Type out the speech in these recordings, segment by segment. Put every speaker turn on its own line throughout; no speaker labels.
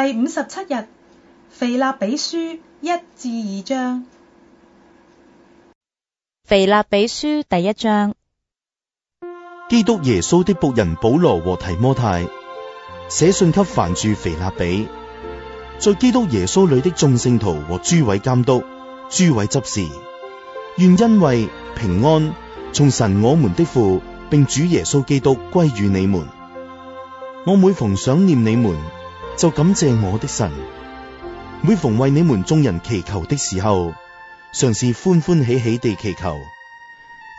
第五十七日，腓立比書一至二章。腓立比書第一章。基督耶穌的僕人保羅和提摩太，寫信給凡住腓立比，在基督耶穌裡的眾聖徒和諸位監督、諸位執事，願恩惠平安，從神我們的父，並主耶穌基督歸於你們。我每逢想念你們就感謝我的神，每逢為你們眾人祈求的時候，常是歡歡喜喜地祈求，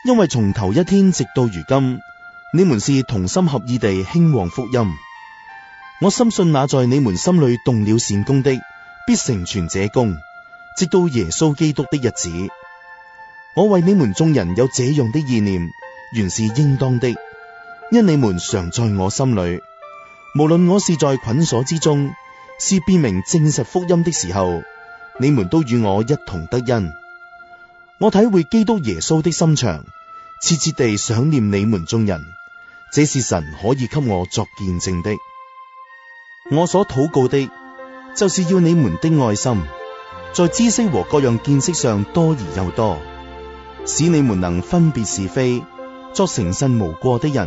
因為從頭一天直到如今，你們是同心合意地興旺福音。我深信那在你們心裏動了善工的，必成全這工，直到耶穌基督的日子。我為你們眾人有這樣的意念，原是應當的，因你們常在我心裏。無論我是在捆鎖之中，是辨明證實福音的時候，你們都與我一同得恩。我體會基督耶穌的心腸，切切地想念你們眾人，這是神可以給我作見證的。我所禱告的，就是要你們的愛心，在知識和各樣見識上多而又多，使你們能分別是非，作誠信無過的人，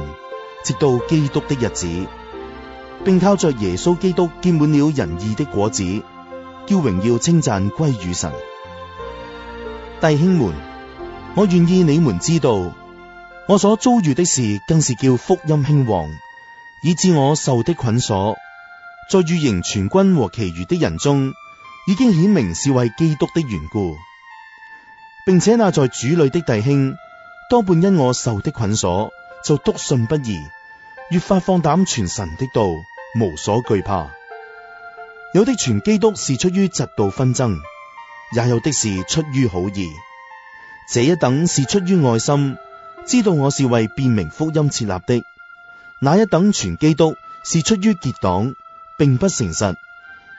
直到基督的日子。並靠着耶穌基督結滿了仁義的果子，叫榮耀稱讚歸與神。弟兄們，我願意你們知道，我所遭遇的事，更是叫福音興旺，以致我受的捆鎖，在御營全軍和其餘的人中，已經顯明是為基督的緣故，並且那在主裏的弟兄，多半因我受的捆鎖，就篤信不疑，越發放膽傳神的道。無所懼怕。有的傳基督是出於嫉妒紛爭，也有的是出於好意。這一等是出於愛心，知道我是為辨明福音設立的。那一等傳基督是出於結黨，並不誠實，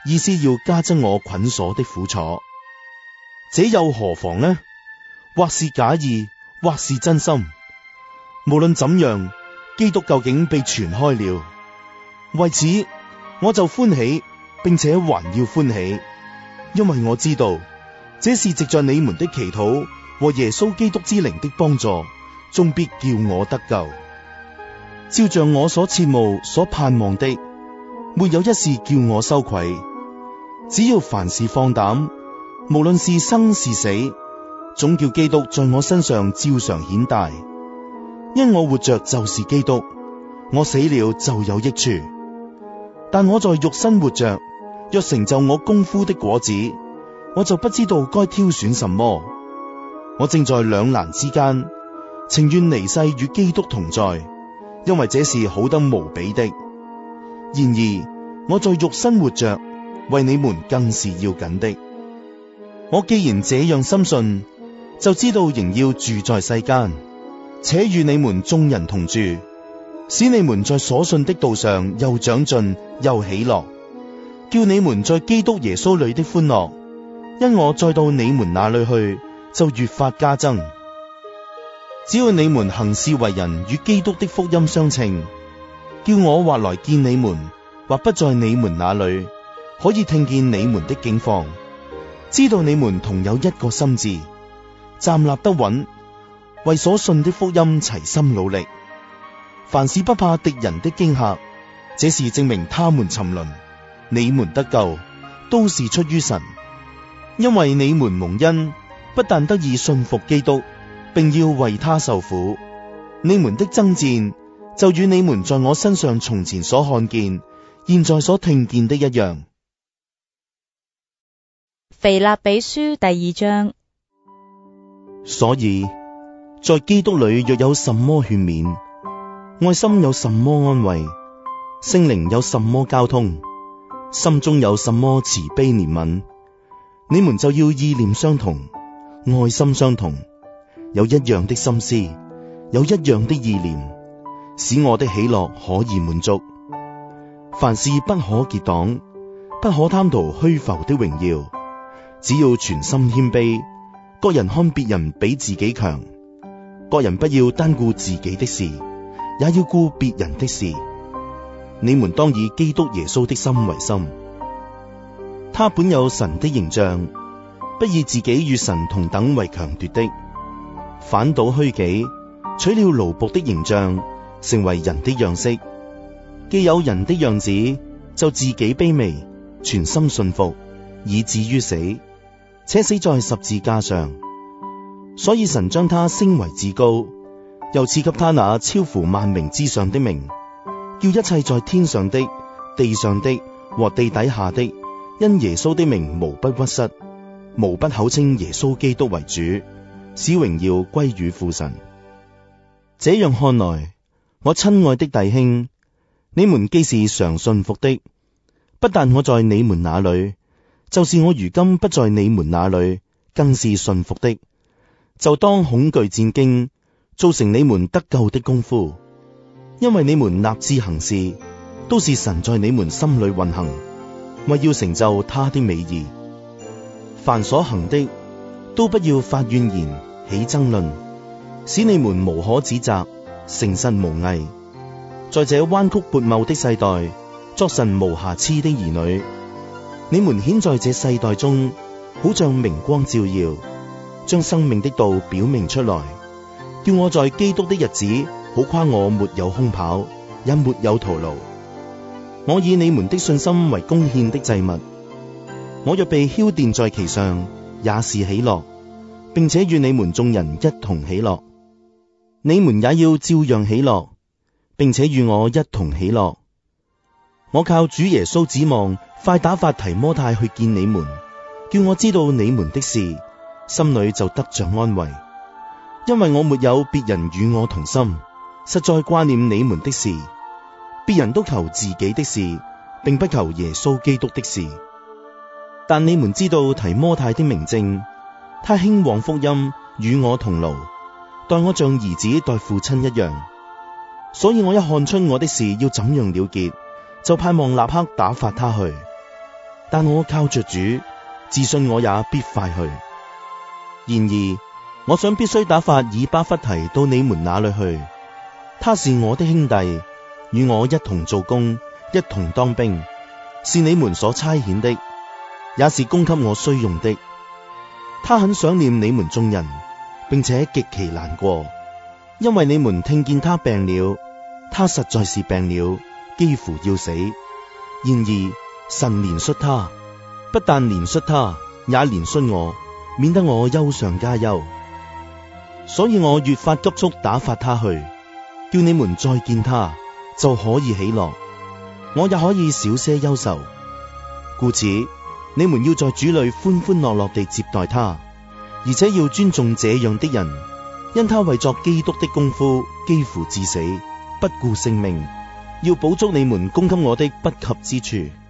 意思要加增我捆鎖的苦楚。這又何妨呢？或是假意，或是真心。無論怎樣，基督究竟被傳開了。為此，我就歡喜，並且還要歡喜，因為我知道這是藉着你們的祈禱和耶穌基督之靈的幫助，終必叫我得救。照着我所切慕、所盼望的，沒有一事叫我羞愧。只要凡事放膽，無論是生是死，總叫基督在我身上照常顯大。因我活着就是基督，我死了就有益處。但我在肉身活着，若成就我功夫的果子，我就不知道該挑選什麼。我正在兩難之間，情願離世與基督同在，因為這是好得無比的。然而我在肉身活着，為你們更是要緊的。我既然這樣深信，就知道仍要住在世間，且與你們眾人同住。使你們在所信的道上又長進又喜樂，叫你們在基督耶穌裏的歡樂，因我再到你們那裏去，就越發加增。只要你們行事為人與基督的福音相稱，叫我或來見你們，或不在你們那裏，可以聽見你們的境況，知道你們同有一個心志，站立得穩，為所信的福音齊心努力。凡事不怕敵人的驚嚇，這是證明他們沉淪，你們得救都是出於神，因為你們蒙恩不但得以信服基督，並要為他受苦。你們的爭戰就與你們在我身上從前所看見、現在所聽見的一樣。《腓立比書》第二章。所以，在基督裏若有什麼勸勉。愛心有什麼安慰？聖靈有什麼交通？心中有什麼慈悲憐憫？你們就要意念相同，愛心相同，有一樣的心思，有一樣的意念，使我的喜樂可以滿足。凡事不可結黨，不可貪圖虛浮的榮耀。只要全心謙卑，各人看別人比自己強，各人不要單顧自己的事。也要顧別人的事。你們當以基督耶穌的心為心。他本有神的形象，不以自己與神同等為強奪的，反倒虛己，取了奴僕的形象，成為人的樣式。既有人的樣子，就自己卑微，全心信服，以至於死，且死在十字架上。所以神將他升為至高。又賜給他那超乎萬名之上的名，叫一切在天上的、地上的和地底下的，因耶穌的名無不屈膝、無不口稱耶穌基督為主，使榮耀歸於父神。這樣看來，我親愛的弟兄，你們既是常信服的，不但我在你們那裏，就是我如今不在你們那裏，更是信服的。就當恐懼戰兢。造成你們得救的功夫，因為你們立志行事，都是神在你們心裏運行，為要成就他的美意。凡所行的，都不要發怨言起爭論，使你們無可指責，誠實無偽。在這彎曲悖謬的世代，作神無瑕疵的兒女，你們顯在這世代中，好像明光照耀，將生命的道表明出來。叫我在基督的日子，好誇我沒有空跑，也沒有徒勞。我以你們的信心為供獻的祭物，我若被澆奠在其上，也是喜樂，并且與你們眾人一同喜樂。你們也要照樣喜樂，并且與我一同喜樂。我靠主耶穌指望，快打發提摩太去見你們，叫我知道你們的事，心裏就得着安慰。因為我沒有別人與我同心，實在掛念你們的事。別人都求自己的事，並不求耶穌基督的事。但你們知道提摩太的明證，他興旺福音，與我同勞，待我像兒子待父親一樣。所以我一看出我的事要怎樣了結，就盼望立刻打發他去。但我靠着主，自信我也必快去。然而。我想必須打發以巴弗提到你們那裏去。他是我的兄弟，與我一同做工，一同當兵，是你們所差遣的，也是供給我需用的。他很想念你們眾人，並且極其難過，因為你們聽見他病了，他實在是病了，幾乎要死。然而神憐恤他，不但憐恤他，也憐恤我，免得我憂上加憂。所以我越發急速打發他去，叫你們再見他就可以喜樂，我也可以少些憂愁。故此，你們要在主裏歡歡樂樂地接待他，而且要尊重這樣的人，因他為作基督的功夫幾乎至死，不顧性命。要補足你們供給我的不及之處。